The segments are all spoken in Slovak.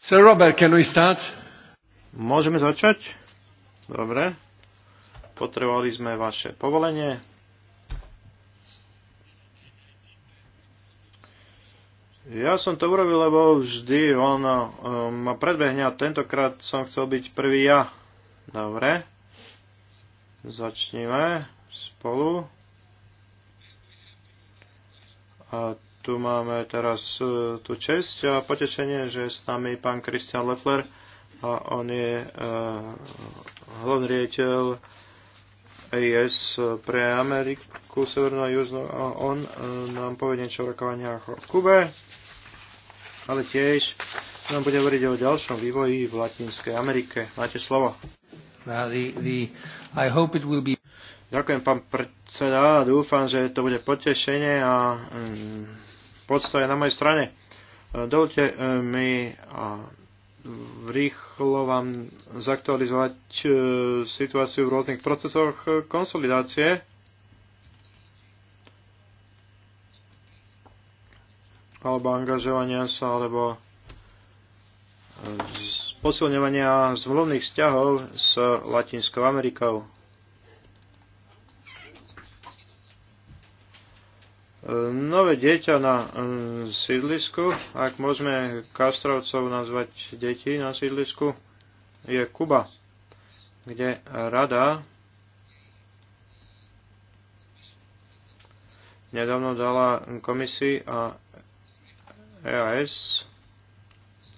Sir Robert, can we start? Môžeme začať? Dobre. Potrebovali sme vaše povolenie. Ja som to urobil, lebo vždy on eh, ma predbehne a tentokrát som chcel byť prvý ja. Dobre. Začneme spolu. A tu máme teraz e, tú česť a potešenie, že je s nami pán Kristian Leffler a on je e, hlavný riaditeľ AS e pre Ameriku, Severnú a Južnú a on nám povie niečo o rokovaniach o Kube, ale tiež nám bude hovoriť o ďalšom vývoji v Latinskej Amerike. Máte slovo. Now the, the, I hope it will be... Ďakujem, pán predseda. Dúfam, že to bude potešenie a mm, podsta je na mojej strane. E, dovolte e, mi rýchlo vám zaktualizovať e, situáciu v rôznych procesoch konsolidácie. alebo angažovania sa, alebo posilňovania zmluvných vzťahov s Latinskou Amerikou. nové dieťa na mm, sídlisku, ak môžeme kastrovcov nazvať deti na sídlisku, je Kuba, kde rada nedávno dala komisii a EAS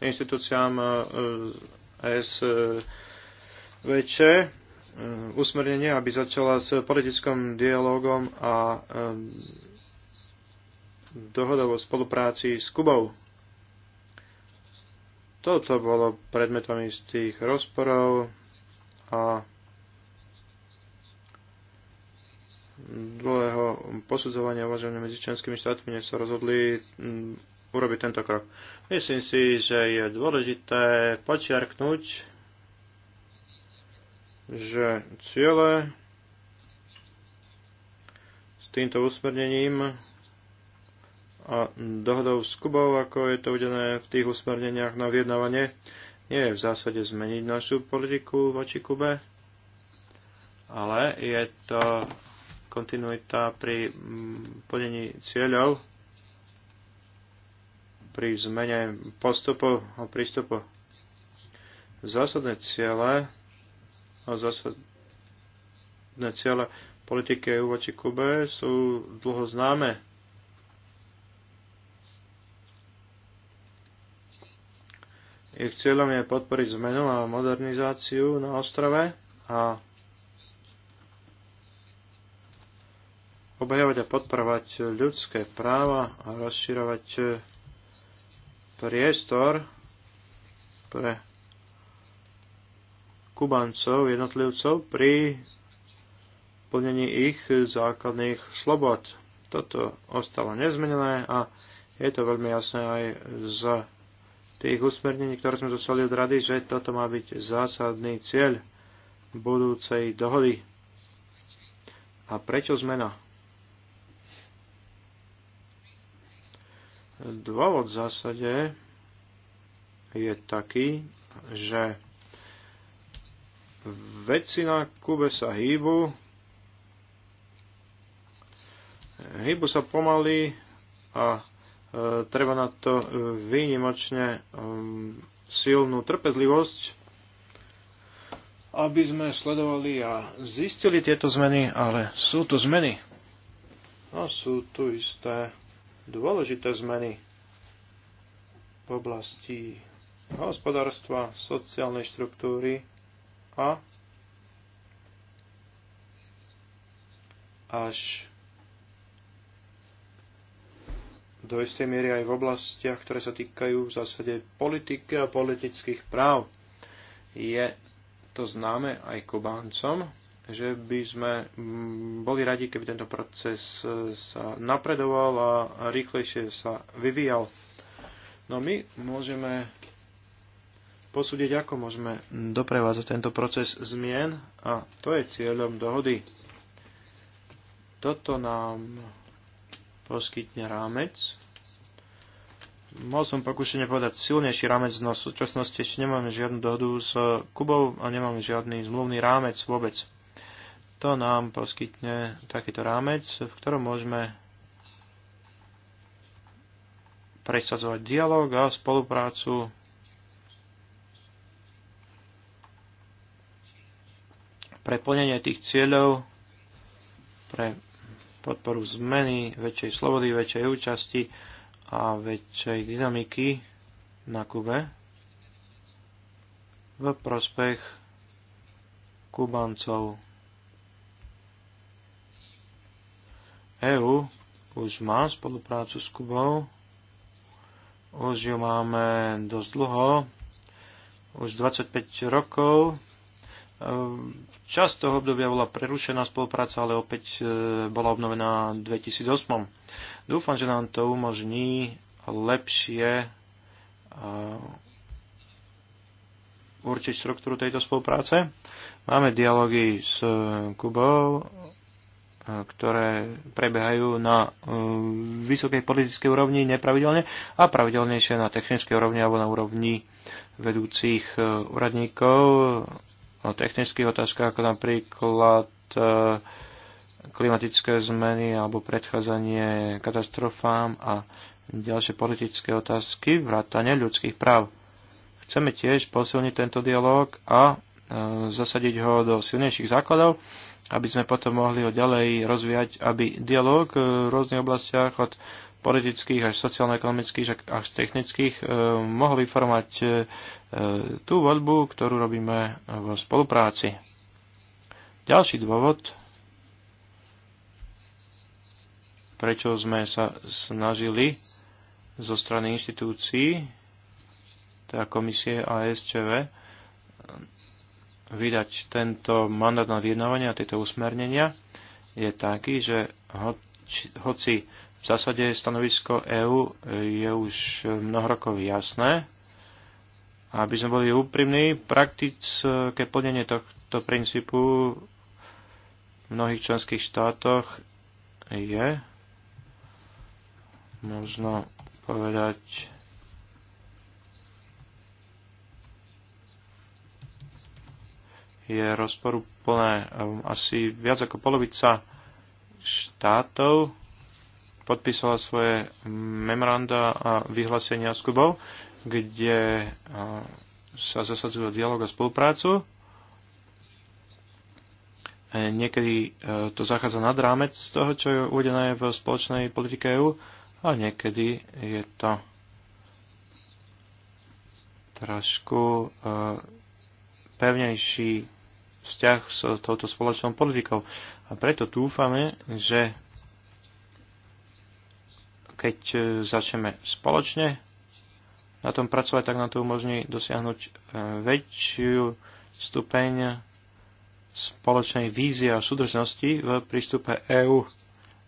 inštitúciám ES e väčšie usmernenie, aby začala s politickom dialogom a e, dohoda o spolupráci s Kubou. Toto bolo predmetom istých rozporov a dlhého posudzovania uvaženia medzi členskými štátmi, než sa rozhodli urobiť tento krok. Myslím si, že je dôležité počiarknúť, že ciele s týmto usmernením a dohodou s Kubou, ako je to udené v tých usmerneniach na vyjednávanie, nie je v zásade zmeniť našu politiku voči Kube, ale je to kontinuita pri mm, plnení cieľov, pri zmene postupov a prístupu. Zásadné ciele a zásadné ciele politiky e voči Kube sú dlho známe Ich cieľom je podporiť zmenu a modernizáciu na ostrove a obhajovať a podporovať ľudské práva a rozširovať priestor pre Kubancov, jednotlivcov pri plnení ich základných slobod. Toto ostalo nezmenené a je to veľmi jasné aj z tých usmernení, ktoré sme dostali od rady, že toto má byť zásadný cieľ budúcej dohody. A prečo zmena? Dôvod v zásade je taký, že veci na Kube sa hýbu, hýbu sa pomaly a E, treba na to e, výnimočne e, silnú trpezlivosť, aby sme sledovali a zistili tieto zmeny, ale sú tu zmeny. A no, sú tu isté dôležité zmeny v oblasti hospodárstva, sociálnej štruktúry a až do istej miery aj v oblastiach, ktoré sa týkajú v zásade politiky a politických práv. Je to známe aj Kubáncom, že by sme mm, boli radi, keby tento proces e, sa napredoval a rýchlejšie sa vyvíjal. No my môžeme posúdiť, ako môžeme doprevázať tento proces zmien a to je cieľom dohody. Toto nám poskytne rámec, mal som pokúšenie povedať silnejší rámec, no v súčasnosti ešte nemáme žiadnu dohodu s Kubou a nemáme žiadny zmluvný rámec vôbec. To nám poskytne takýto rámec, v ktorom môžeme presadzovať dialog a spoluprácu pre plnenie tých cieľov, pre podporu zmeny, väčšej slobody, väčšej účasti, a väčšej dynamiky na Kube v prospech Kubancov. EU už má spoluprácu s Kubou, už ju máme dosť dlho, už 25 rokov Časť toho obdobia bola prerušená spolupráca, ale opäť e, bola obnovená v 2008. Dúfam, že nám to umožní lepšie e, určiť štruktúru tejto spolupráce. Máme dialógy s e, Kubou, ktoré prebiehajú na vysokej politickej úrovni nepravidelne a pravidelnejšie na technickej úrovni alebo na úrovni vedúcich úradníkov o technických otázkach, ako napríklad e, klimatické zmeny alebo predchádzanie katastrofám a ďalšie politické otázky, vrátane ľudských práv. Chceme tiež posilniť tento dialog a e, zasadiť ho do silnejších základov, aby sme potom mohli ho ďalej rozvíjať, aby dialog v rôznych oblastiach od politických, až sociálno-ekonomických, až technických, e, mohol vyformovať e, e, tú voľbu, ktorú robíme v spolupráci. Ďalší dôvod, prečo sme sa snažili zo strany inštitúcií, teda komisie a SČV, vydať tento mandát na vyjednávanie a tieto usmernenia, je taký, že hoci v zásade stanovisko EÚ je už mnoho rokov jasné. Aby sme boli úprimní, praktické plnenie tohto princípu v mnohých členských štátoch je možno povedať je rozporu plné um, asi viac ako polovica štátov podpísala svoje memoranda a vyhlásenia s Kubou, kde sa zasadzujú dialog a spoluprácu. Niekedy e, to zachádza nad rámec toho, čo je uvedené v spoločnej politike EU a niekedy je to trošku e, pevnejší vzťah s touto spoločnou politikou. A preto dúfame, že keď e, začneme spoločne na tom pracovať, tak nám to umožní dosiahnuť e, väčšiu stupeň spoločnej vízie a súdržnosti v prístupe EÚ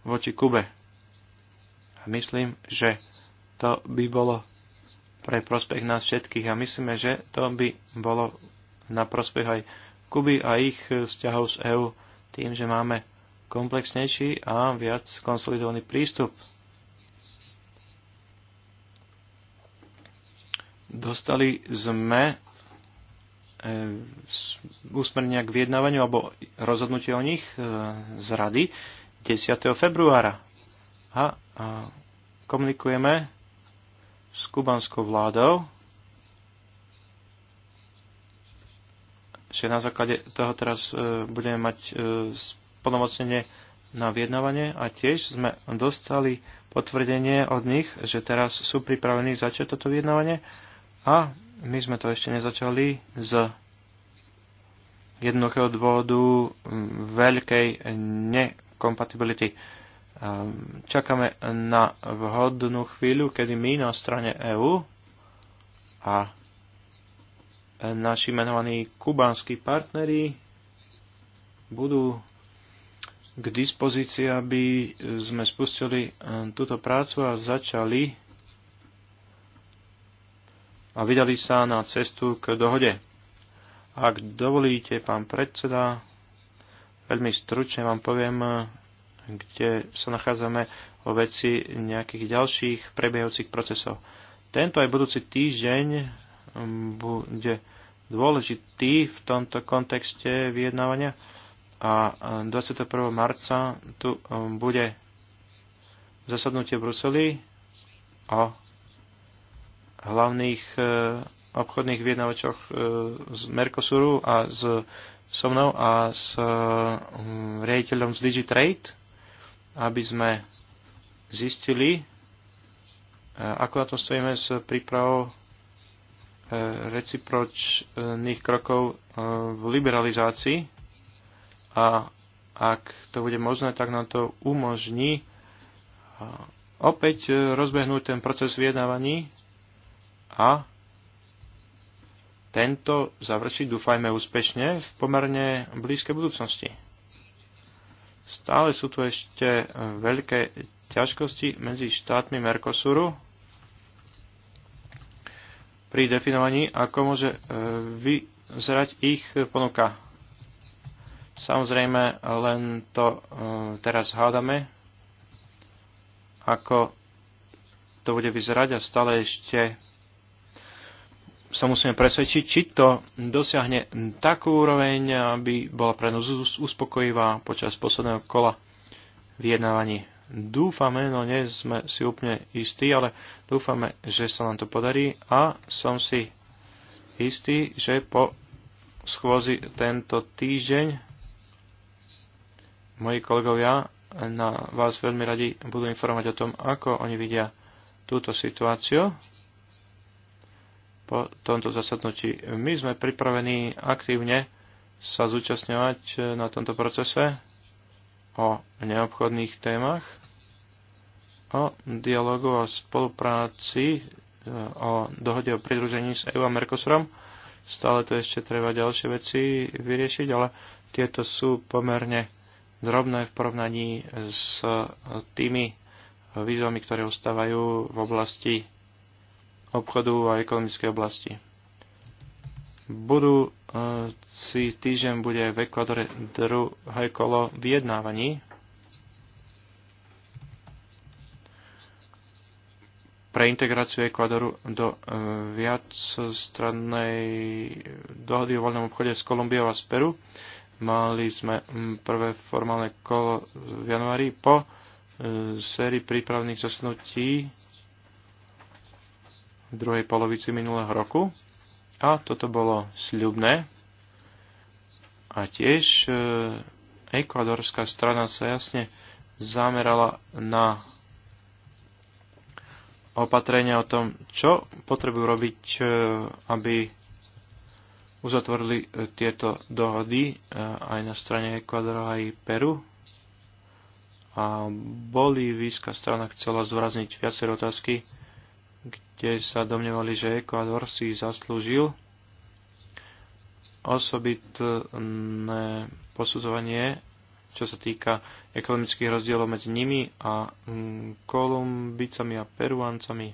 voči Kube. A myslím, že to by bolo pre prospech nás všetkých a myslíme, že to by bolo na prospech aj Kuby a ich e, vzťahov z EÚ tým, že máme komplexnejší a viac konsolidovaný prístup Dostali sme úsmernia e, k vyjednávaniu alebo rozhodnutie o nich e, z rady 10. februára. A komunikujeme s kubanskou vládou, že na základe toho teraz e, budeme mať splnomocnenie na vyjednávanie a tiež sme dostali potvrdenie od nich, že teraz sú pripravení začať toto vyjednávanie a my sme to ešte nezačali z jednoduchého dôvodu veľkej nekompatibility. Ehm, čakáme na vhodnú chvíľu, kedy my na strane EÚ a naši menovaní kubanskí partneri budú k dispozícii, aby sme spustili ehm, túto prácu a začali a vydali sa na cestu k dohode. Ak dovolíte, pán predseda, veľmi stručne vám poviem, kde sa nachádzame o veci nejakých ďalších prebiehajúcich procesov. Tento aj budúci týždeň bude dôležitý v tomto kontexte vyjednávania a 21. marca tu bude zasadnutie v Bruseli o hlavných e, obchodných vyjednávačoch e, z Mercosuru a z, so mnou a s e, riaditeľom z Digitrade, aby sme zistili, ako na to stojíme s prípravou recipročných krokov v liberalizácii a ak to bude možné, tak nám to umožní opäť rozbehnúť ten proces vyjednávaní a tento završiť, dúfajme, úspešne v pomerne blízkej budúcnosti. Stále sú tu ešte veľké ťažkosti medzi štátmi Mercosuru pri definovaní, ako môže e, vyzerať ich ponuka. Samozrejme, len to e, teraz hádame, ako to bude vyzerať a stále ešte sa musíme presvedčiť, či to dosiahne takú úroveň, aby bola pre nás uspokojivá počas posledného kola vyjednávaní. Dúfame, no nie sme si úplne istí, ale dúfame, že sa nám to podarí a som si istý, že po schôzi tento týždeň moji kolegovia na vás veľmi radi budú informovať o tom, ako oni vidia túto situáciu po tomto zasadnutí. My sme pripravení aktívne sa zúčastňovať e, na tomto procese o neobchodných témach, o dialogu a spolupráci, e, o dohode o pridružení s EU a Mercosurom. Stále to ešte treba ďalšie veci vyriešiť, ale tieto sú pomerne drobné v porovnaní s tými výzvami, ktoré ostávajú v oblasti obchodu a ekonomickej oblasti. Budúci týždeň bude v Ekvadore druhé kolo vyjednávaní pre integráciu Ekvadoru do e, viacstrannej dohody o voľnom obchode s Kolumbiou a z Peru. Mali sme prvé formálne kolo v januári po e, sérii prípravných zasadnutí druhej polovici minulého roku a toto bolo sľubné. A tiež e, ekvadorská strana sa jasne zamerala na opatrenia o tom, čo potrebujú robiť, e, aby uzatvorili e, tieto dohody aj na strane Ekvadora aj Peru. A bolívijská strana chcela zvrazniť viaceré otázky, tiež sa domnevali, že Ekvador si zaslúžil osobitné posudzovanie, čo sa týka ekonomických rozdielov medzi nimi a mm, Kolumbicami a Peruancami.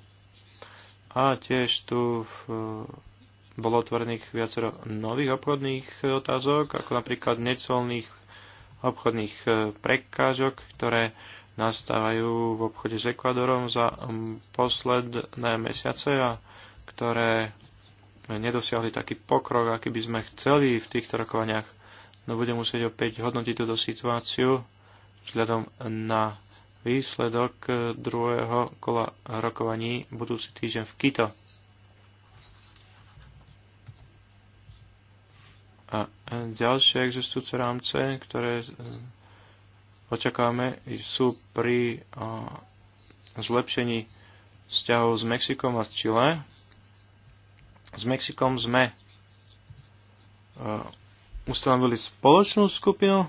A tiež tu v, bolo otvorených viacero nových obchodných otázok, ako napríklad necolných obchodných e, prekážok, ktoré nastávajú v obchode s Ekvadorom za posledné mesiace a ktoré nedosiahli taký pokrok, aký by sme chceli v týchto rokovaniach. No budem musieť opäť hodnotiť túto situáciu vzhľadom na výsledok e, druhého kola rokovaní budúci týždeň v Kito. A e, ďalšie existujúce rámce, ktoré e, očakávame, sú pri zlepšení vzťahov s Mexikom a s Chile. S Mexikom sme ustanovili spoločnú skupinu,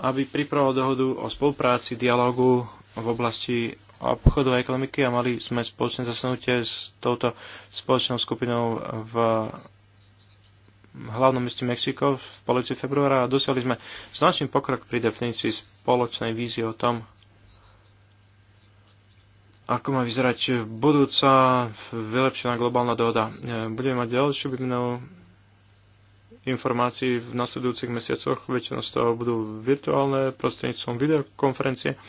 aby pripravil dohodu o spolupráci, dialogu v oblasti obchodu a ekonomiky a mali sme spoločné zasnutie s touto spoločnou skupinou v hlavnom meste Mexiko v polovici februára a dosiahli sme značný pokrok pri definícii spoločnej vízie o tom, ako má vyzerať budúca vylepšená globálna dohoda. Budeme mať ďalšiu výmenu informácií v nasledujúcich mesiacoch. Väčšina z toho budú virtuálne prostredníctvom videokonferencie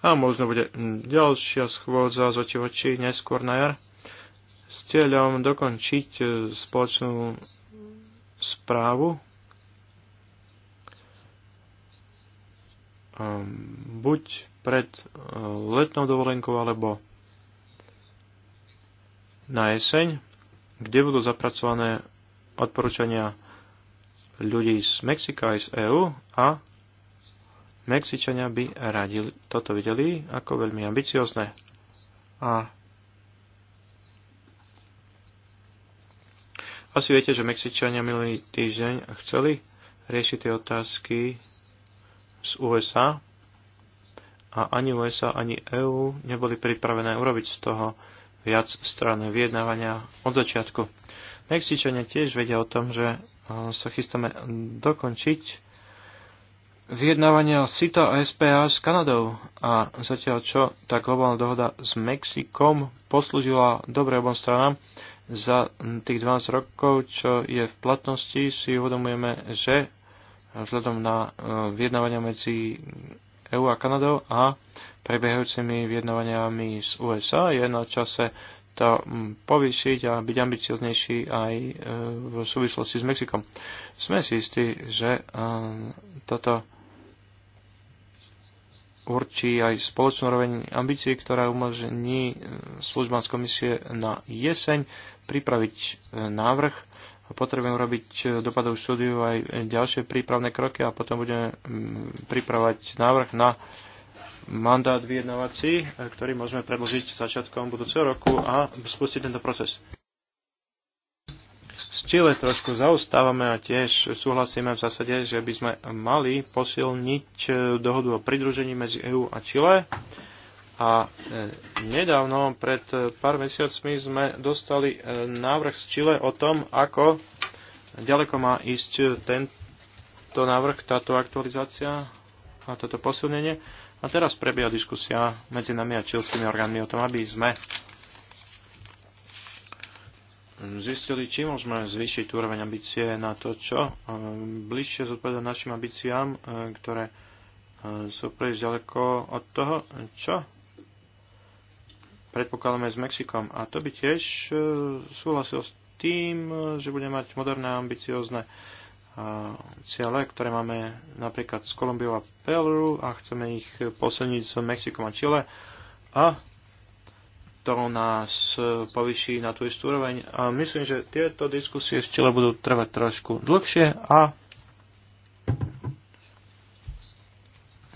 a možno bude ďalšia schôdza z oči v oči neskôr na jar s cieľom dokončiť spoločnú správu. Ehm, buď pred eh, letnou dovolenkou, alebo na jeseň, kde budú zapracované odporúčania ľudí z Mexika aj z EÚ a Mexičania by radili. toto videli ako veľmi ambiciozne. A Asi viete, že Mexičania minulý týždeň chceli riešiť tie otázky z USA a ani USA, ani EÚ neboli pripravené urobiť z toho viac stranné vyjednávania od začiatku. Mexičania tiež vedia o tom, že e, sa chystáme dokončiť vyjednávania SITA a SPA s Kanadou a zatiaľ čo tá globálna dohoda s Mexikom poslúžila dobre obom stranám, za tých 12 rokov, čo je v platnosti, si uvedomujeme, že vzhľadom na e, vyjednávania medzi EU a Kanadou a prebiehajúcimi vyjednávaniami z USA je na čase to povýšiť a byť ambicioznejší aj e, v súvislosti s Mexikom. Sme si istí, že e, toto určí aj spoločnú roveň ambícií, ktorá umožní e, službám z komisie na jeseň pripraviť e, návrh. Potrebujeme urobiť e, dopadov štúdiu aj ďalšie prípravné kroky a potom budeme mm, pripravať návrh na mandát vyjednávací, ktorý môžeme predložiť začiatkom budúceho roku a spustiť tento proces. S Chile trošku zaostávame a tiež súhlasíme v zásade, že by sme mali posilniť e, dohodu o pridružení medzi EÚ a Chile. A e, nedávno, pred e, pár mesiacmi, sme dostali návrh z Chile o tom, ako ďaleko má ísť tento návrh, táto aktualizácia a toto posilnenie. A teraz prebieha diskusia medzi nami a čilskými orgánmi o tom, aby sme zistili, či môžeme zvýšiť úroveň ambície na to, čo eh, bližšie zodpoveda našim ambíciám, eh, ktoré eh, sú príliš ďaleko od toho, čo predpokladáme s Mexikom. A to by tiež súhlasil s tým, že budeme mať moderné, ambiciozne ciele, ktoré máme napríklad s Kolumbiou a Peru a chceme ich posilniť s Mexikom a Chile. A to nás e, povyší na tú istú úroveň. A myslím, že tieto diskusie v Čile budú trvať trošku dlhšie a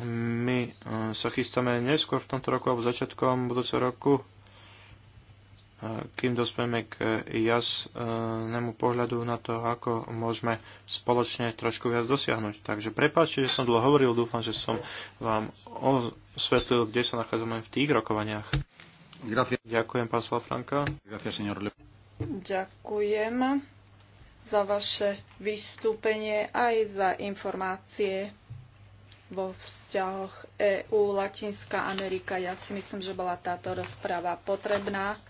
my e, sa chystáme neskôr v tomto roku alebo začiatkom budúceho roku, e, kým dospieme k jasnému pohľadu na to, ako môžeme spoločne trošku viac dosiahnuť. Takže prepáčte, že som dlho hovoril, dúfam, že som vám osvetlil, kde sa nachádzame v tých rokovaniach. Ďakujem, pán Slafranka. Ďakujem za vaše vystúpenie aj za informácie vo vzťahoch EÚ, Latinská Amerika. Ja si myslím, že bola táto rozpráva potrebná,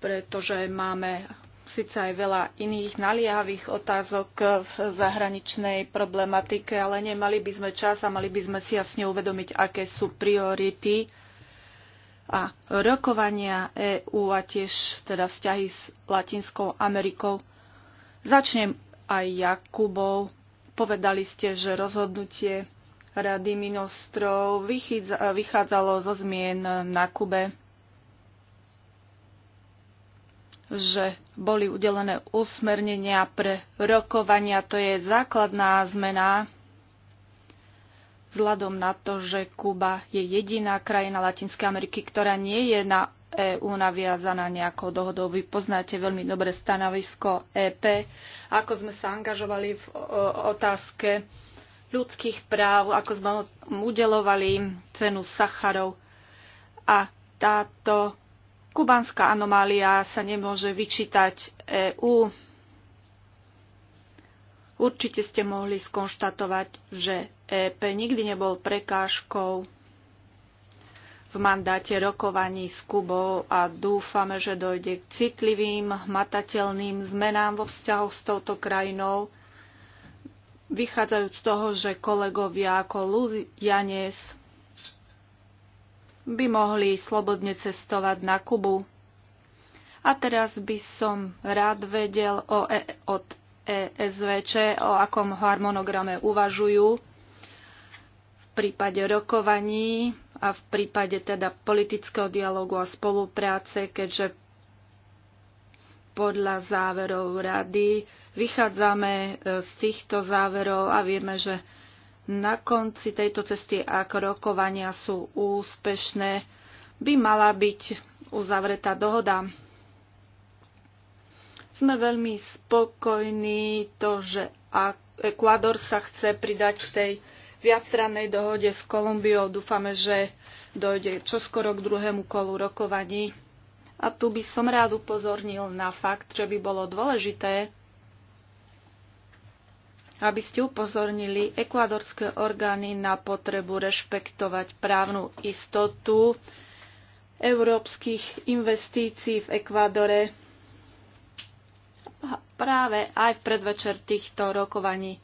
pretože máme síce aj veľa iných naliehavých otázok v zahraničnej problematike, ale nemali by sme čas a mali by sme si jasne uvedomiť, aké sú priority a rokovania EÚ a tiež teda vzťahy s Latinskou Amerikou. Začnem aj Jakubov. Povedali ste, že rozhodnutie Rady ministrov vychádzalo zo zmien na Kube, že boli udelené usmernenia pre rokovania. To je základná zmena vzhľadom na to, že Kuba je jediná krajina Latinskej Ameriky, ktorá nie je na EÚ naviazaná nejakou dohodou. Vy poznáte veľmi dobre stanovisko EP, ako sme sa angažovali v otázke ľudských práv, ako sme udelovali cenu Sacharov. A táto kubánska anomália sa nemôže vyčítať EÚ Určite ste mohli skonštatovať, že EP nikdy nebol prekážkou v mandáte rokovaní s Kubou a dúfame, že dojde k citlivým, hmatateľným zmenám vo vzťahoch s touto krajinou, vychádzajúc z toho, že kolegovia ako Luz Janes by mohli slobodne cestovať na Kubu. A teraz by som rád vedel o e- od ESVČ, o akom harmonograme uvažujú v prípade rokovaní a v prípade teda politického dialogu a spolupráce, keďže podľa záverov rady vychádzame e, z týchto záverov a vieme, že na konci tejto cesty, ak rokovania sú úspešné, by mala byť uzavretá dohoda. Sme veľmi spokojní to, že Ekvador sa chce pridať k tej viacstrannej dohode s Kolumbiou. Dúfame, že dojde čoskoro k druhému kolu rokovaní. A tu by som rád upozornil na fakt, že by bolo dôležité, aby ste upozornili ekvadorské orgány na potrebu rešpektovať právnu istotu európskych investícií v Ekvadore práve aj v predvečer týchto rokovaní.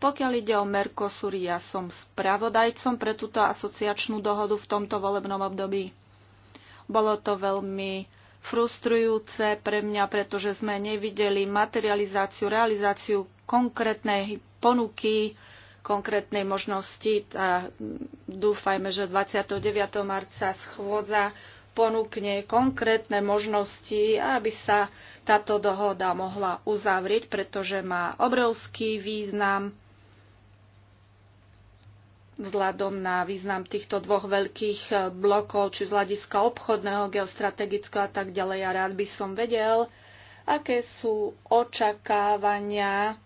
Pokiaľ ide o Mercosur, ja som spravodajcom pre túto asociačnú dohodu v tomto volebnom období. Bolo to veľmi frustrujúce pre mňa, pretože sme nevideli materializáciu, realizáciu konkrétnej ponuky, konkrétnej možnosti. A dúfajme, že 29. marca schôdza ponúkne konkrétne možnosti, aby sa táto dohoda mohla uzavrieť, pretože má obrovský význam vzhľadom na význam týchto dvoch veľkých blokov, či z hľadiska obchodného, geostrategického a tak ďalej. Ja rád by som vedel, aké sú očakávania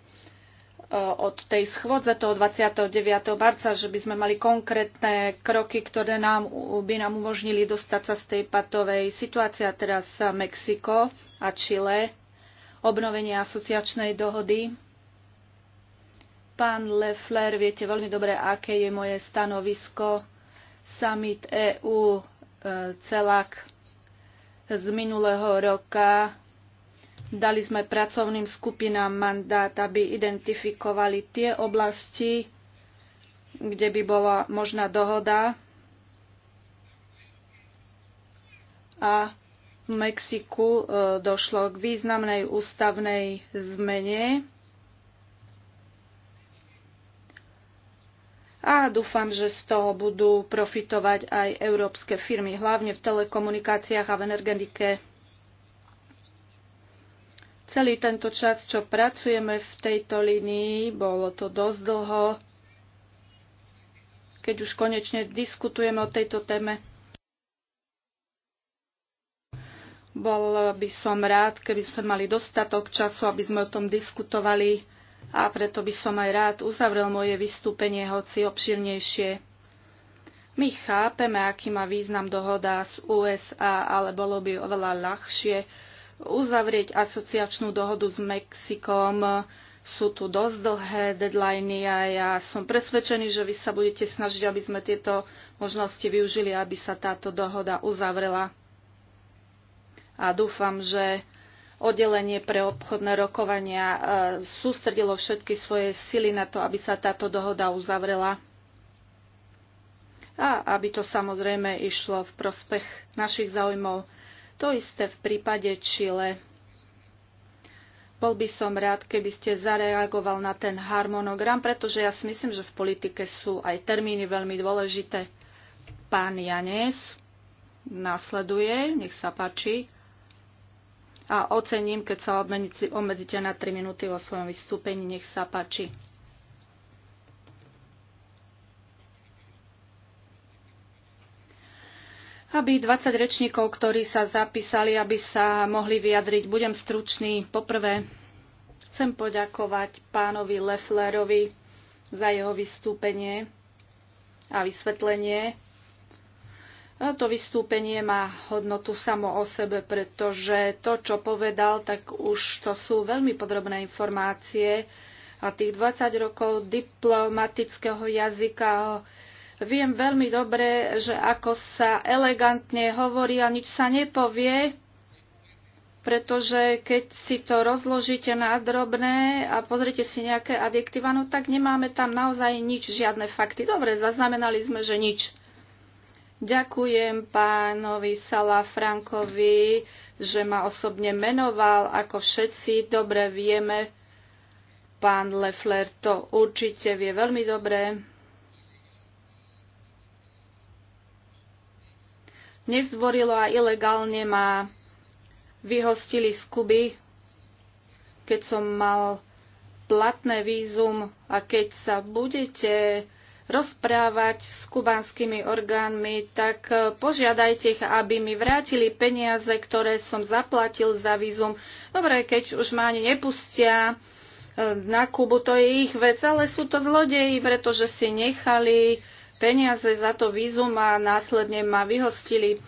Eh, od tej schôdze toho 29. marca, že by sme mali konkrétne kroky, ktoré nám, by nám umožnili dostať sa z tej patovej situácie, a teraz Mexiko a Chile, obnovenie asociačnej dohody. Pán Leffler, viete veľmi dobre, aké je moje stanovisko. Summit EU eh, celak z minulého roka Dali sme pracovným skupinám mandát, aby identifikovali tie oblasti, kde by bola možná dohoda. A v Mexiku e, došlo k významnej ústavnej zmene. A dúfam, že z toho budú profitovať aj európske firmy, hlavne v telekomunikáciách a v energetike. Celý tento čas, čo pracujeme v tejto linii, bolo to dosť dlho, keď už konečne diskutujeme o tejto téme. Bol by som rád, keby sme mali dostatok času, aby sme o tom diskutovali a preto by som aj rád uzavrel moje vystúpenie, hoci obširnejšie. My chápeme, aký má význam dohoda z USA, ale bolo by oveľa ľahšie, uzavrieť asociačnú dohodu s Mexikom. Sú tu dosť dlhé deadliny a ja som presvedčený, že vy sa budete snažiť, aby sme tieto možnosti využili, aby sa táto dohoda uzavrela. A dúfam, že oddelenie pre obchodné rokovania e, sústredilo všetky svoje sily na to, aby sa táto dohoda uzavrela a aby to samozrejme išlo v prospech našich záujmov. To isté v prípade Čile. Bol by som rád, keby ste zareagoval na ten harmonogram, pretože ja si myslím, že v politike sú aj termíny veľmi dôležité. Pán Janes nasleduje, nech sa páči. A ocením, keď sa obmedzíte na 3 minúty vo svojom vystúpení, nech sa páči. aby 20 rečníkov, ktorí sa zapísali, aby sa mohli vyjadriť. Budem stručný. Poprvé chcem poďakovať pánovi Lefflerovi za jeho vystúpenie a vysvetlenie. A to vystúpenie má hodnotu samo o sebe, pretože to, čo povedal, tak už to sú veľmi podrobné informácie a tých 20 rokov diplomatického jazyka Viem veľmi dobre, že ako sa elegantne hovorí a nič sa nepovie, pretože keď si to rozložíte na drobné a pozrite si nejaké adjektíva, no tak nemáme tam naozaj nič, žiadne fakty. Dobre, zaznamenali sme, že nič. Ďakujem pánovi Sala Frankovi, že ma osobne menoval, ako všetci dobre vieme. Pán Lefler to určite vie veľmi dobre. nezdvorilo a ilegálne ma vyhostili z Kuby, keď som mal platné vízum a keď sa budete rozprávať s kubanskými orgánmi, tak požiadajte ich, aby mi vrátili peniaze, ktoré som zaplatil za vízum. Dobre, keď už ma ani nepustia e, na Kubu, to je ich vec, ale sú to zlodeji, pretože si nechali peniaze za to vízum a následne ma vyhostili.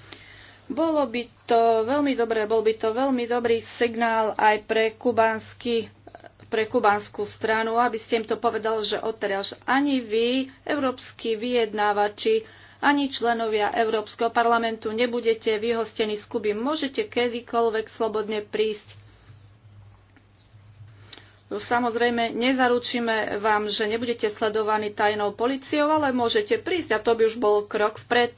Bolo by to veľmi dobré, bol by to veľmi dobrý signál aj pre kubánsky pre kubanskú stranu, aby ste im to povedal, že odteraz ani vy, európsky vyjednávači, ani členovia Európskeho parlamentu nebudete vyhostení z Kuby. Môžete kedykoľvek slobodne prísť No samozrejme, nezaručíme vám, že nebudete sledovaní tajnou policiou, ale môžete prísť a to by už bol krok vpred.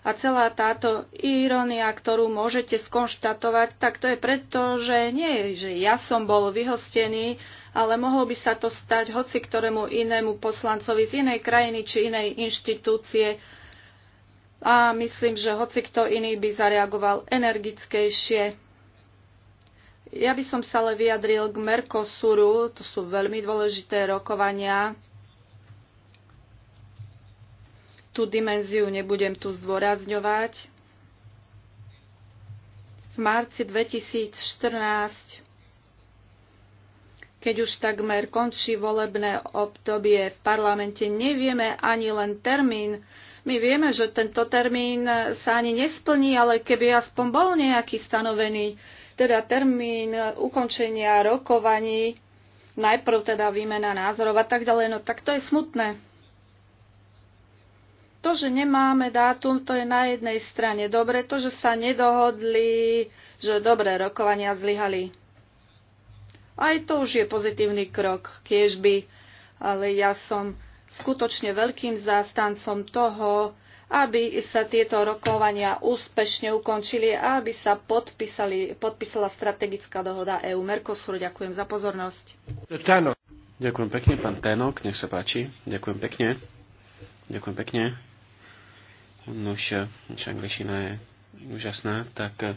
A celá táto irónia, ktorú môžete skonštatovať, tak to je preto, že nie, že ja som bol vyhostený, ale mohol by sa to stať hoci ktorému inému poslancovi z inej krajiny či inej inštitúcie. A myslím, že hoci kto iný by zareagoval energickejšie. Ja by som sa ale vyjadril k Mercosuru, to sú veľmi dôležité rokovania. Tú dimenziu nebudem tu zdôrazňovať. V marci 2014 keď už takmer končí volebné obdobie v parlamente, nevieme ani len termín. My vieme, že tento termín sa ani nesplní, ale keby aspoň bol nejaký stanovený, teda termín ukončenia rokovaní, najprv teda výmena názorov a tak ďalej, no tak to je smutné. To, že nemáme dátum, to je na jednej strane dobre. To, že sa nedohodli, že dobré rokovania zlyhali. Aj to už je pozitívny krok, kiež by. Ale ja som skutočne veľkým zástancom toho, aby sa tieto rokovania úspešne ukončili a aby sa podpísala strategická dohoda EU-Mercosur. Ďakujem za pozornosť. Ďakujem pekne, pán Tenok, nech sa páči. Ďakujem pekne. Ďakujem pekne. No už, už angličina je úžasná, tak eh,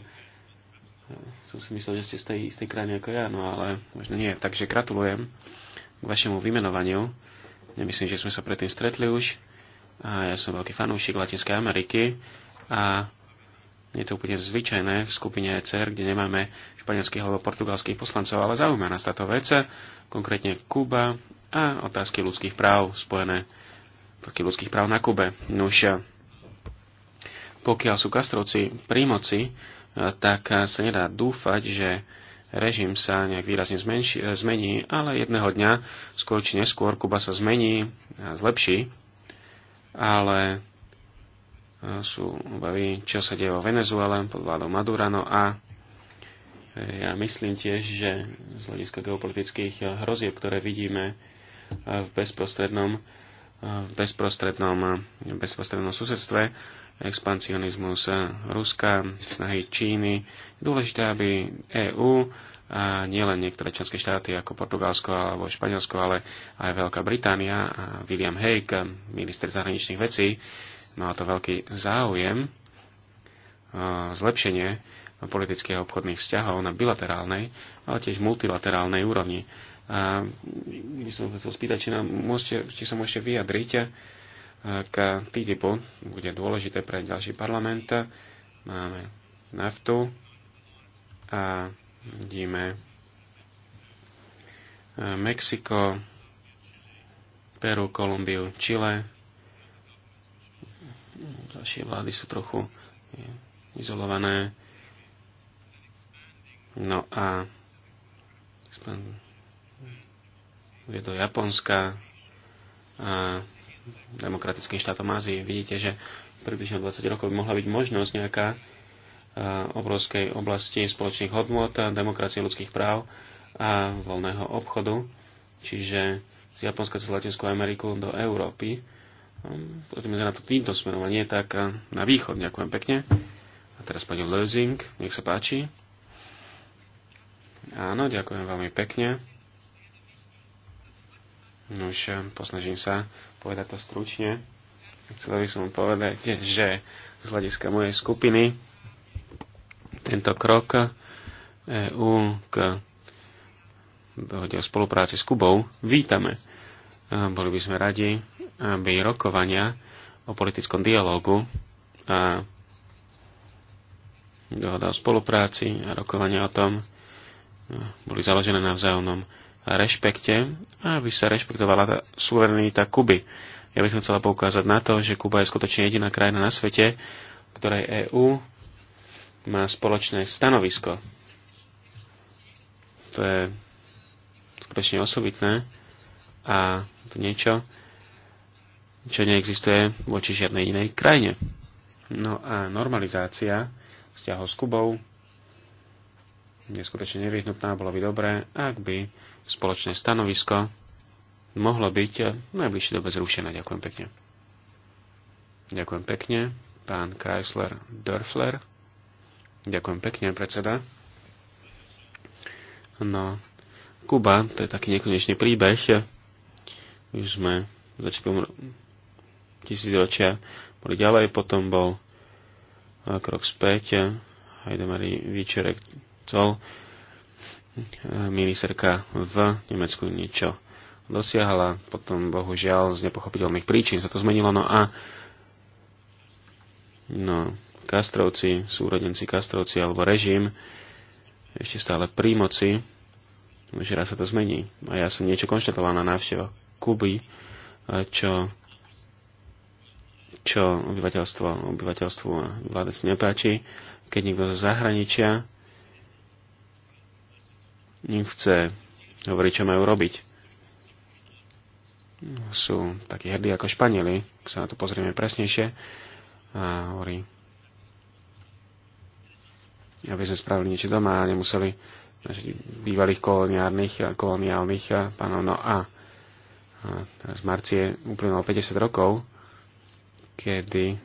som si myslel, že ste z tej istej krajiny ako ja, no ale možno nie. Takže gratulujem k vašemu vymenovaniu. Nemyslím, že sme sa predtým stretli už. A ja som veľký fanúšik Latinskej Ameriky a je to úplne zvyčajné v skupine ECR, kde nemáme španielských alebo portugalských poslancov, ale zaujíma nás táto vec, konkrétne Kuba a otázky ľudských práv spojené otázky ľudských práv na Kube. Nuž, pokiaľ sú kastrovci pri moci, tak sa nedá dúfať, že režim sa nejak výrazne zmení, ale jedného dňa skôr či neskôr Kuba sa zmení a zlepší ale e, sú obavy, čo sa deje vo Venezuele pod vládou Madurano a e, ja myslím tiež, že z hľadiska geopolitických e, hrozieb, ktoré vidíme v bezprostrednom, v bezprostrednom, v bezprostrednom susedstve, expansionizmus Ruska, snahy Číny. Je dôležité, aby EÚ a nielen niektoré členské štáty ako Portugalsko alebo Španielsko, ale aj Veľká Británia a William Hague, minister zahraničných vecí, mal to veľký záujem e, zlepšenie politických a obchodných vzťahov na bilaterálnej, ale tiež multilaterálnej úrovni. A by som chcel spýtať, či, nám môžete, či sa môžete vyjadriť e, k TTIPu. Bude dôležité pre ďalší parlament. Máme naftu a Vidíme e, Mexiko, Peru, Kolumbiu, Chile. Ďalšie vlády sú trochu e, izolované. No a je do Japonska a demokratickým štátom Ázie. Vidíte, že približne 20 rokov by mohla byť možnosť nejaká obrovskej oblasti spoločných hodnôt, demokracie ľudských práv a voľného obchodu, čiže z Japonska cez Latinskú Ameriku do Európy. sa na to týmto smerom a nie tak na východ. Ďakujem pekne. A teraz pani Lozing, nech sa páči. Áno, ďakujem veľmi pekne. No už eh, posnažím sa povedať to stručne. Chcel by som povedať, že z hľadiska mojej skupiny tento krok EU k dohode o spolupráci s Kubou vítame. Boli by sme radi, aby rokovania o politickom dialogu a dohoda o spolupráci a rokovania o tom no, boli založené na vzájomnom rešpekte a aby sa rešpektovala tá suverenita Kuby. Ja by som chcela poukázať na to, že Kuba je skutočne jediná krajina na svete, ktorej EÚ má spoločné stanovisko. To je skutočne osobitné a to niečo, čo neexistuje voči žiadnej inej krajine. No a normalizácia vzťahov s Kubou je skutočne nevyhnutná, bolo by dobré, ak by spoločné stanovisko mohlo byť v najbližšej dobe zrušené. Ďakujem pekne. Ďakujem pekne, pán Chrysler Dörfler. Ďakujem pekne, predseda. No, Kuba, to je taký nekonečný príbeh. Už sme začiatkom tisícročia boli ďalej, potom bol krok späť, Heidemari Výčerek Col, ministerka v Nemecku niečo dosiahla, potom bohužiaľ z nepochopiteľných príčin sa to zmenilo, no a no, Kastrovci, súrodenci Kastrovci alebo režim ešte stále pri moci, že raz sa to zmení. A ja som niečo konštatoval na návštevách Kuby, e, čo, čo obyvateľstvo, obyvateľstvu a vláde si nepáči, keď niekto zo zahraničia im chce hovoriť, čo majú robiť. Sú takí hrdí ako Španieli, ak sa na to pozrieme presnejšie, a hovorí, aby sme spravili niečo doma a nemuseli našich bývalých koloniálnych, koloniálnych pánov. No a, a teraz v marci je uplynulo 50 rokov, kedy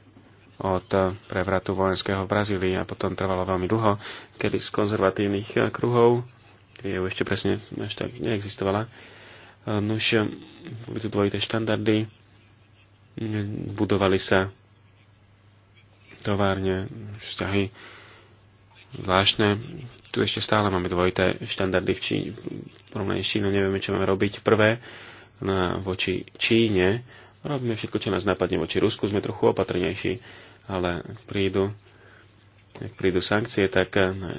od prevratu vojenského v Brazílii a potom trvalo veľmi dlho, kedy z konzervatívnych kruhov, kedy ju ešte presne až tak neexistovala, nuž um, um, boli tu dvojité štandardy, budovali sa továrne, vzťahy zvláštne. Tu ešte stále máme dvojité štandardy v Číne. Porovnaní s Čínou nevieme, čo máme robiť. Prvé, na, voči Číne robíme všetko, čo nás napadne. Voči Rusku sme trochu opatrnejší, ale prídu, ak prídu sankcie, tak, eh, ne,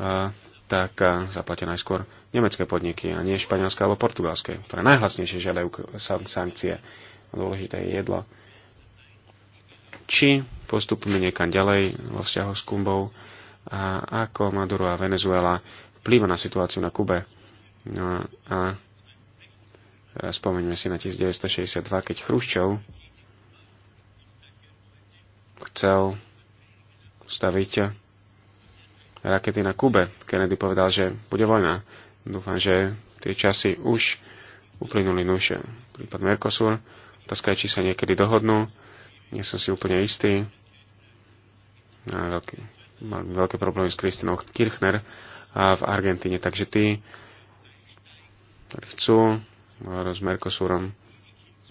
a, tak a eh, zaplatia najskôr nemecké podniky a nie španielské alebo portugalské, ktoré najhlasnejšie žiadajú sankcie. Dôležité je jedlo. Či postupujeme niekam ďalej vo vzťahu s Kumbou, a ako Maduro a Venezuela vplyva na situáciu na Kube. No a teraz spomeňme si na 1962, keď Chruščov chcel staviť rakety na Kube. Kennedy povedal, že bude vojna. Dúfam, že tie časy už uplynuli nuše. Prípad Mercosur. Otázka je, či sa niekedy dohodnú. Nie som si úplne istý. No, veľký mal veľké problémy s Kristinou Kirchner v Argentíne. Takže tí, ktorí chcú s Mercosurom,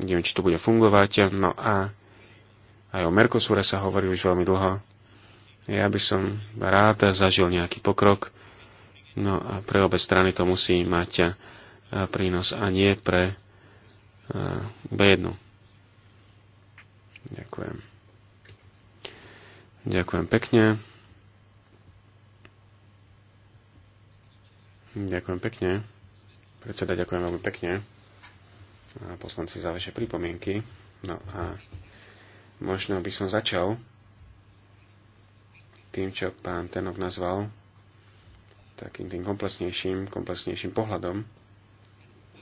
neviem, či to bude fungovať. No a aj o Mercosure sa hovorí už veľmi dlho. Ja by som rád zažil nejaký pokrok. No a pre obe strany to musí mať e, prínos a nie pre e, B1. Ďakujem. Ďakujem pekne. Ďakujem pekne. Predseda, ďakujem veľmi pekne a poslanci za vaše pripomienky. No a možno by som začal tým, čo pán Tenok nazval takým tým komplexnejším, komplexnejším pohľadom.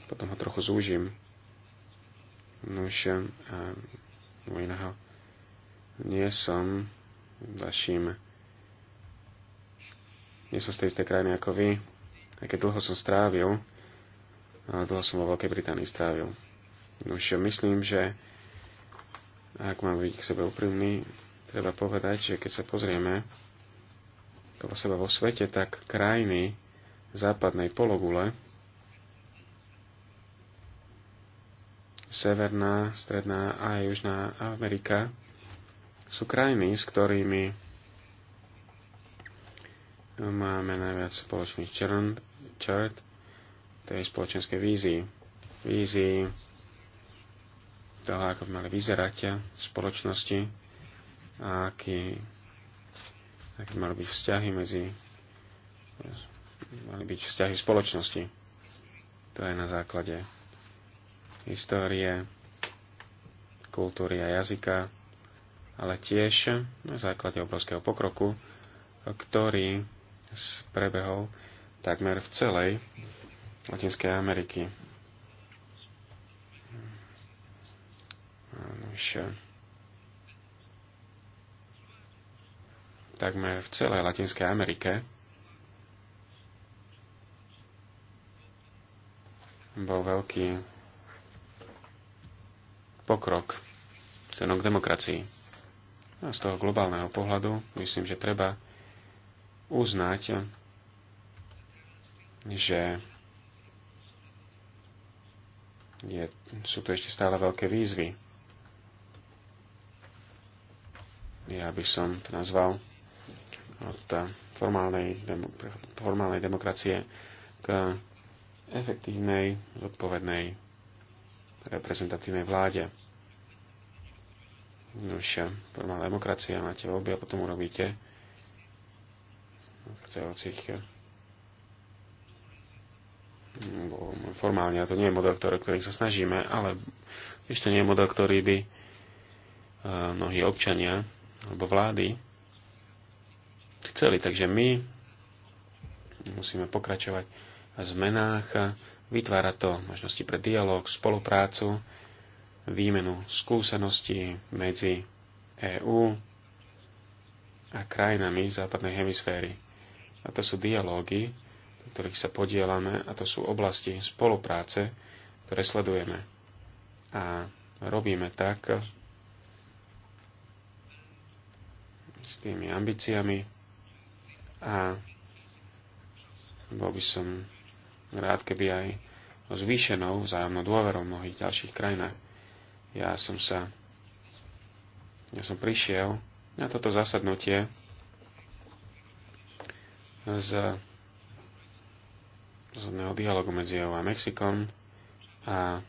Potom ho trochu zúžim. Nuž, a iného, nie som vašim nie som z tej istej krajiny ako vy, aké dlho som strávil, dlho som vo Veľkej Británii strávil. Už no myslím, že ak mám byť k sebe úprimný, treba povedať, že keď sa pozrieme okolo seba vo svete, tak krajiny západnej pologule, Severná, Stredná a Južná Amerika sú krajiny, s ktorými máme najviac spoločných črn, črt tej spoločenskej vízii. Vízii toho, ako by mali vyzerať spoločnosti a aký, aký by mali byť vzťahy medzi mali byť vzťahy spoločnosti. To je na základe histórie, kultúry a jazyka, ale tiež na základe obrovského pokroku, ktorý prebehol takmer v celej Latinskej Ameriky. Takmer v celej Latinskej Amerike bol veľký pokrok v demokracii. A z toho globálneho pohľadu myslím, že treba uznať, že je, sú tu ešte stále veľké výzvy. Ja by som to nazval od formálnej, demo, formálnej demokracie k efektívnej, zodpovednej, reprezentatívnej vláde. Už eh, formálna demokracia, máte voľby a potom urobíte predsedajúcich formálne, a to nie je model, ktorý, ktorý sa snažíme, ale ešte nie je model, ktorý by eh, mnohí občania alebo vlády chceli. Takže my musíme pokračovať v zmenách a to možnosti pre dialog, spoluprácu, výmenu skúseností medzi EÚ a krajinami západnej hemisféry a to sú dialógy, v ktorých sa podielame, a to sú oblasti spolupráce, ktoré sledujeme. A robíme tak s tými ambíciami a bol by som rád, keby aj zvýšenou vzájomnou dôverou v mnohých ďalších krajinách. Ja som sa, ja som prišiel na toto zasadnutie z rozhodného dialogu medzi EU a Mexikom a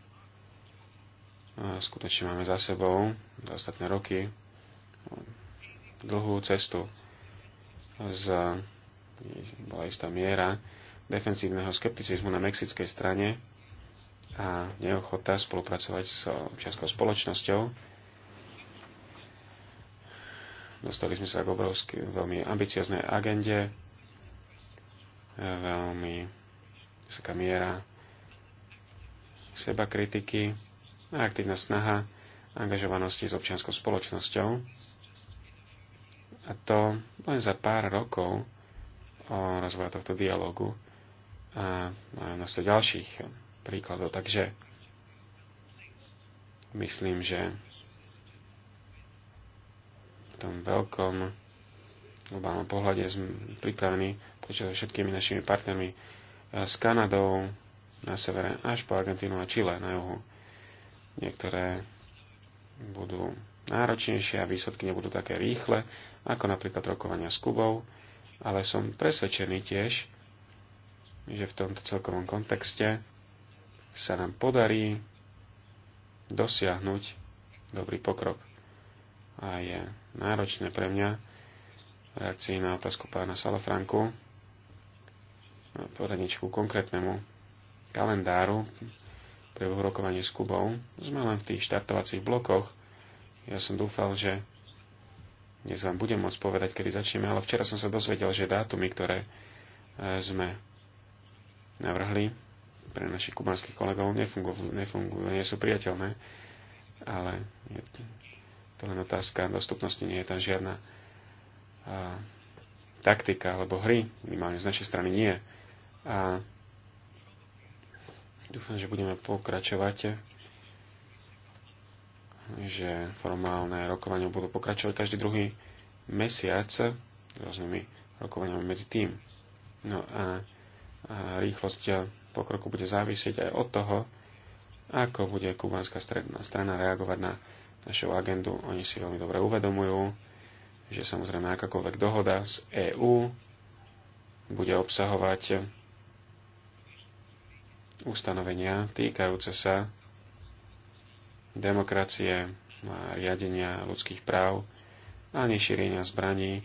skutočne máme za sebou za ostatné roky dlhú cestu z bola istá miera defensívneho skepticizmu na mexickej strane a neochota spolupracovať s občianskou spoločnosťou. Dostali sme sa k obrovsky veľmi ambicioznej agende, veľmi vysoká miera seba kritiky a aktívna snaha angažovanosti s občianskou spoločnosťou. A to len za pár rokov o rozvoja tohto dialogu a množstvo ďalších príkladov. Takže myslím, že v tom veľkom globálnom pohľade sme pripravení takže so všetkými našimi partnermi eh, s Kanadou na severe až po Argentínu a Chile na juhu. Niektoré budú náročnejšie a výsledky nebudú také rýchle, ako napríklad rokovania s Kubou, ale som presvedčený tiež, že v tomto celkovom kontexte sa nám podarí dosiahnuť dobrý pokrok. A je náročné pre mňa reakcii na otázku pána Salafranku, No, povedať niečo ku konkrétnemu kalendáru pre uhrokovanie s Kubou. Sme len v tých štartovacích blokoch. Ja som dúfal, že dnes vám budem môcť povedať, kedy začneme, ale včera som sa dozvedel, že dátumy, ktoré e, sme navrhli pre našich kubanských kolegov, nefungujú, nefungujú nie sú priateľné, ale je to len otázka dostupnosti, nie je tam žiadna taktika alebo hry, minimálne z našej strany nie. A dúfam, že budeme pokračovať, že formálne rokovania budú pokračovať každý druhý mesiac rôznymi rokovaniami medzi tým. No a, a rýchlosť pokroku bude závisieť aj od toho, ako bude kubánska stredná strana reagovať na našu agendu. Oni si veľmi dobre uvedomujú, že samozrejme akákoľvek dohoda z EÚ bude obsahovať ustanovenia týkajúce sa demokracie, riadenia ľudských práv a nešírenia zbraní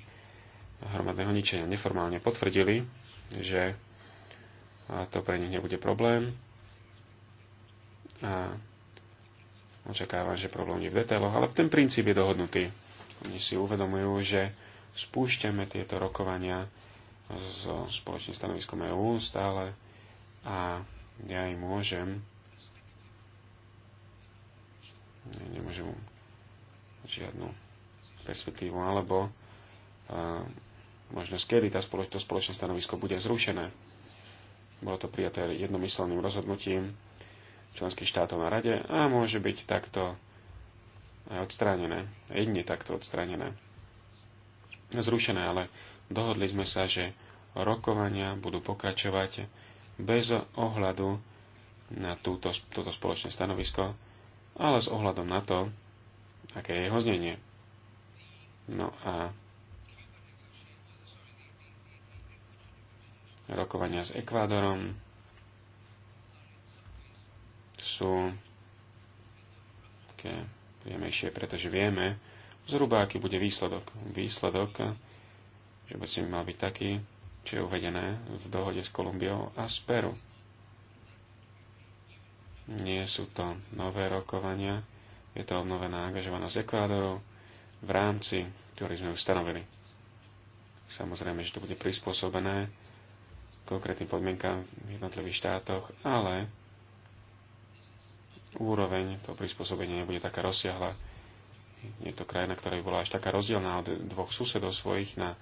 hromadného ničenia. Neformálne potvrdili, že to pre nich nebude problém a očakávam, že problém je v detailoch, ale ten princíp je dohodnutý. Oni si uvedomujú, že spúšťame tieto rokovania so spoločným stanoviskom EÚ stále a ja im môžem nemôžem žiadnu perspektívu alebo uh, možnosť, kedy tá spoloč- to spoločné stanovisko bude zrušené. Bolo to prijaté jednomyselným rozhodnutím členských štátov na rade a môže byť takto odstránené. Jedine takto odstránené. Zrušené, ale dohodli sme sa, že rokovania budú pokračovať bez ohľadu na túto, toto spoločné stanovisko, ale s ohľadom na to, aké je jeho znenie. No a rokovania s Ekvádorom sú také priamejšie, pretože vieme zhruba, aký bude výsledok. Výsledok, že by si mal byť taký, čo je uvedené v dohode s Kolumbiou a s Peru. Nie sú to nové rokovania, je to obnovená angažovanosť Ekvádoru v rámci, ktorý sme ustanovili. Samozrejme, že to bude prispôsobené konkrétnym podmienkám v jednotlivých štátoch, ale úroveň, to prispôsobenie nebude taká rozsiahla. Je to krajina, ktorá by bola až taká rozdielna od dvoch susedov svojich na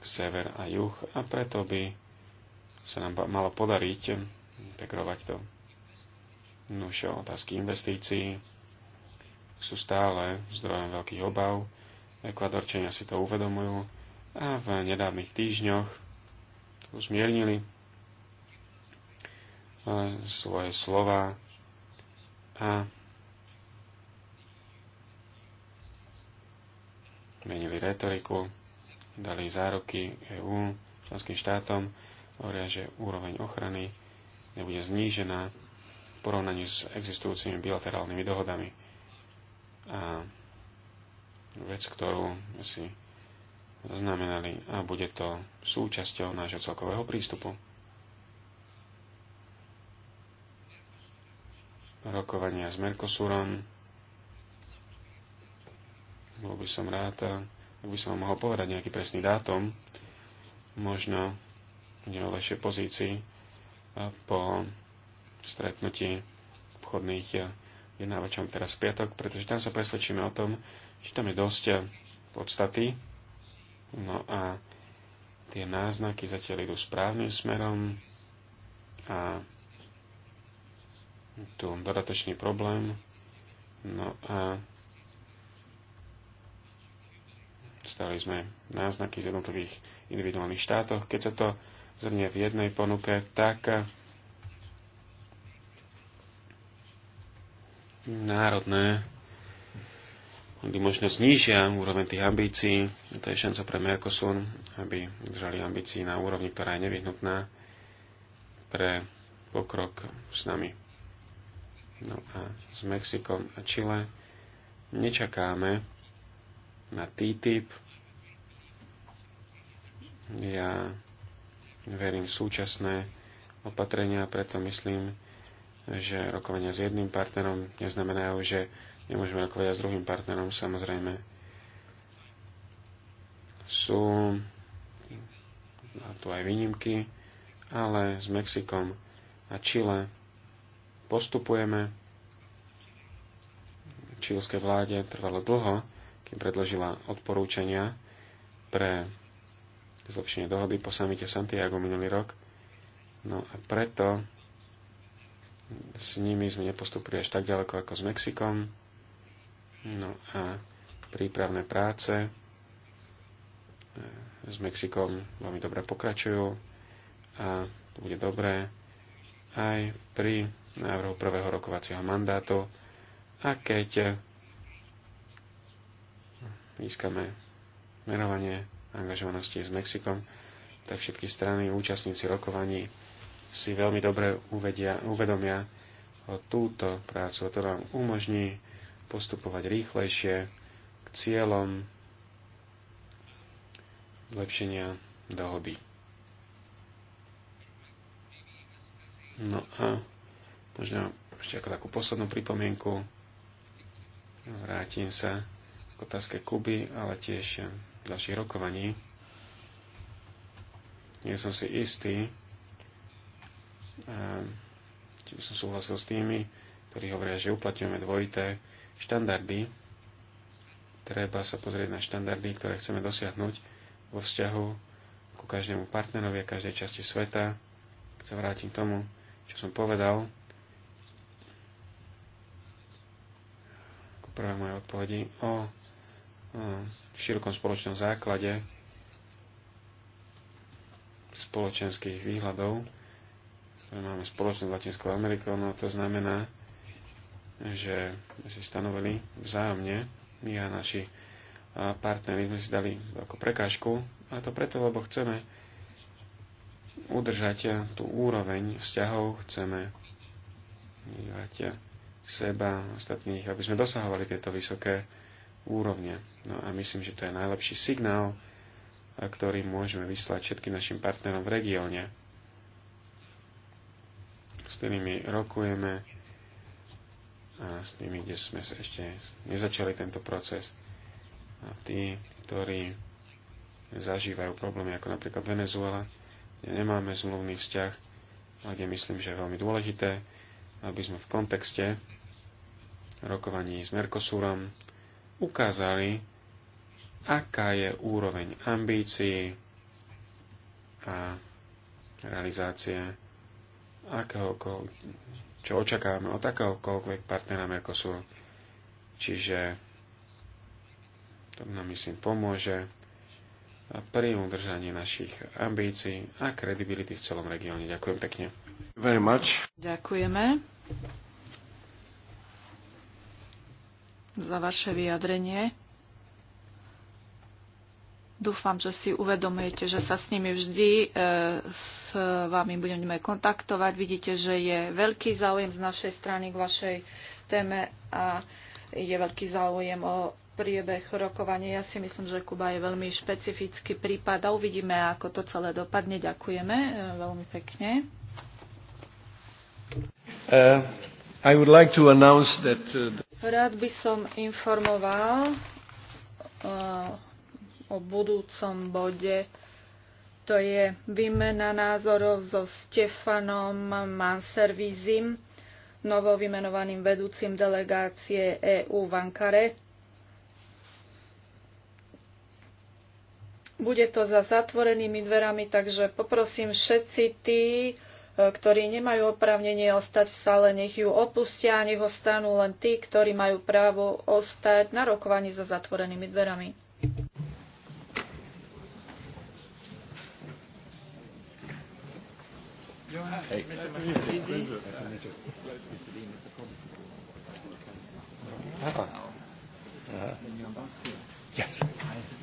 sever a juh a preto by sa nám malo podariť integrovať to. Nuž otázky investícií sú stále zdrojom veľkých obav. Ekvadorčania si to uvedomujú a v nedávnych týždňoch zmiernili svoje slova a menili retoriku, dali zároky EÚ členským štátom, hovoria, že úroveň ochrany nebude znížená v porovnaní s existujúcimi bilaterálnymi dohodami. A vec, ktorú si zaznamenali a bude to súčasťou nášho celkového prístupu. rokovania s Mercosurom. Bol by som rád, ak by som vám mohol povedať nejaký presný dátum, možno v vašej pozícii po stretnutí obchodných jednávačom teraz v piatok, pretože tam sa presvedčíme o tom, že tam je dosť podstaty. No a tie náznaky zatiaľ idú správnym smerom a tu dodatočný problém. No a stali sme náznaky z jednotlivých individuálnych štátoch. Keď sa to zhrnie v jednej ponuke, tak národné kdy možno znížia úroveň tých ambícií. To je šanca pre Mercosur, aby držali ambícií na úrovni, ktorá je nevyhnutná pre pokrok s nami. No a s Mexikom a Chile nečakáme na TTIP. Ja verím v súčasné opatrenia, preto myslím, že rokovania s jedným partnerom neznamenajú, že nemôžeme rokovať s druhým partnerom, samozrejme. Sú a tu aj výnimky, ale s Mexikom a Chile postupujeme. Čílskej vláde trvalo dlho, kým predložila odporúčania pre zlepšenie dohody po samite Santiago minulý rok. No a preto s nimi sme nepostupili až tak ďaleko ako s Mexikom. No a prípravné práce eh, s Mexikom veľmi dobre pokračujú a to bude dobré aj pri návrhu prvého rokovacieho mandátu a keď získame menovanie angažovanosti s Mexikom, tak všetky strany, účastníci rokovaní si veľmi dobre uvedia, uvedomia o túto prácu. ktorá vám umožní postupovať rýchlejšie k cieľom zlepšenia dohody. No a Možno ešte ako takú poslednú pripomienku vrátim sa k otázke Kuby, ale tiež ďalších rokovaní. Nie som si istý, ehm, či som súhlasil s tými, ktorí hovoria, že uplatňujeme dvojité štandardy. Treba sa pozrieť na štandardy, ktoré chceme dosiahnuť vo vzťahu ku každému partnerovi a každej časti sveta. Keď sa vrátim k tomu, čo som povedal, prvé moje odpovedi o, o širokom spoločnom základe spoločenských výhľadov, ktoré máme spoločne s Latinskou Amerikou, no to znamená, že sme si stanovili vzájomne, my a naši partneri sme si dali ako prekážku, a to preto, lebo chceme udržať tú úroveň vzťahov, chceme udržať seba, ostatných, aby sme dosahovali tieto vysoké úrovne. No a myslím, že to je najlepší signál, ktorý môžeme vyslať všetkým našim partnerom v regióne, s ktorými rokujeme a s tými, kde sme sa ešte nezačali tento proces. A tí, ktorí zažívajú problémy ako napríklad Venezuela, kde nemáme zmluvný vzťah, a kde myslím, že je veľmi dôležité, aby sme v kontexte rokovaní s Mercosurom ukázali, aká je úroveň ambícií a realizácie akého, čo očakávame od akéhokoľvek partnera Mercosur. Čiže to nám myslím pomôže pri udržaní našich ambícií a kredibility v celom regióne. Ďakujem pekne. Very much. Ďakujeme za vaše vyjadrenie. Dúfam, že si uvedomujete, že sa s nimi vždy e, s vami budeme kontaktovať. Vidíte, že je veľký záujem z našej strany k vašej téme a je veľký záujem o priebeh rokovania. Ja si myslím, že Kuba je veľmi špecifický prípad a uvidíme, ako to celé dopadne. Ďakujeme e, veľmi pekne. Uh, I would like to announce that, uh, Rád by som informoval uh, o budúcom bode. To je výmena názorov so Stefanom Manservizim, novo vymenovaným vedúcim delegácie EU v Ankare. Bude to za zatvorenými dverami, takže poprosím všetci tí, ktorí nemajú oprávnenie ostať v sále, nech ju opustia a nech ostanú len tí, ktorí majú právo ostať na rokovaní za zatvorenými dverami. Jonas, hey. Mr. Mr. Mr. Mr. Mr.